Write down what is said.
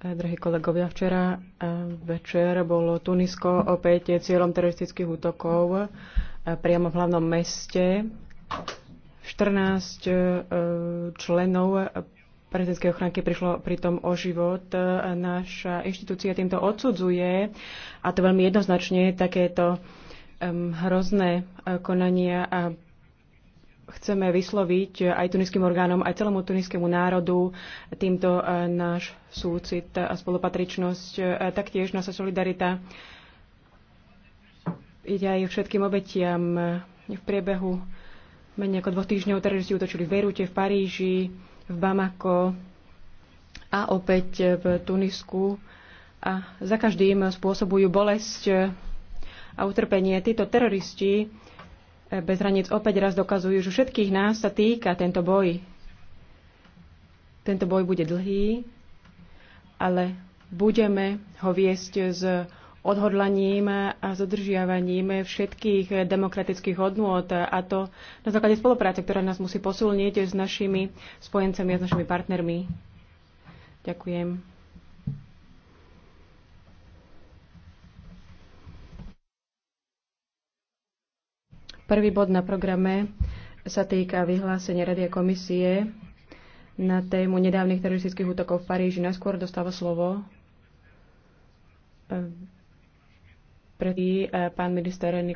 Eh, drahí kolegovia, včera eh, večer bolo Tunisko opäť cieľom teroristických útokov eh, priamo v hlavnom meste. 14 členov prezidentskej ochranky prišlo pritom o život. Naša inštitúcia týmto odsudzuje, a to veľmi jednoznačne, takéto hrozné konania a chceme vysloviť aj tuniským orgánom, aj celému tuniskému národu týmto e, náš súcit a spolupatričnosť, e, taktiež naša solidarita ide aj všetkým obetiam e, v priebehu menej ako dvoch týždňov teroristi utočili v Berute, v Paríži, v Bamako a opäť v Tunisku a za každým spôsobujú bolesť a utrpenie. Títo teroristi bez hraníc opäť raz dokazujú, že všetkých nás sa týka tento boj. Tento boj bude dlhý, ale budeme ho viesť s odhodlaním a zadržiavaním všetkých demokratických hodnôt a to na základe spolupráce, ktorá nás musí posilniť s našimi spojencami a s našimi partnermi. Ďakujem. Prvý bod na programe sa týka vyhlásenia Rady a komisie na tému nedávnych teroristických útokov v Paríži. Najskôr dostáva slovo eh, pre eh, pán minister Nikolaj.